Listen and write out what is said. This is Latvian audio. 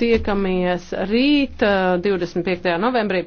Tiekamies rīt, 25. Eh, novembrī.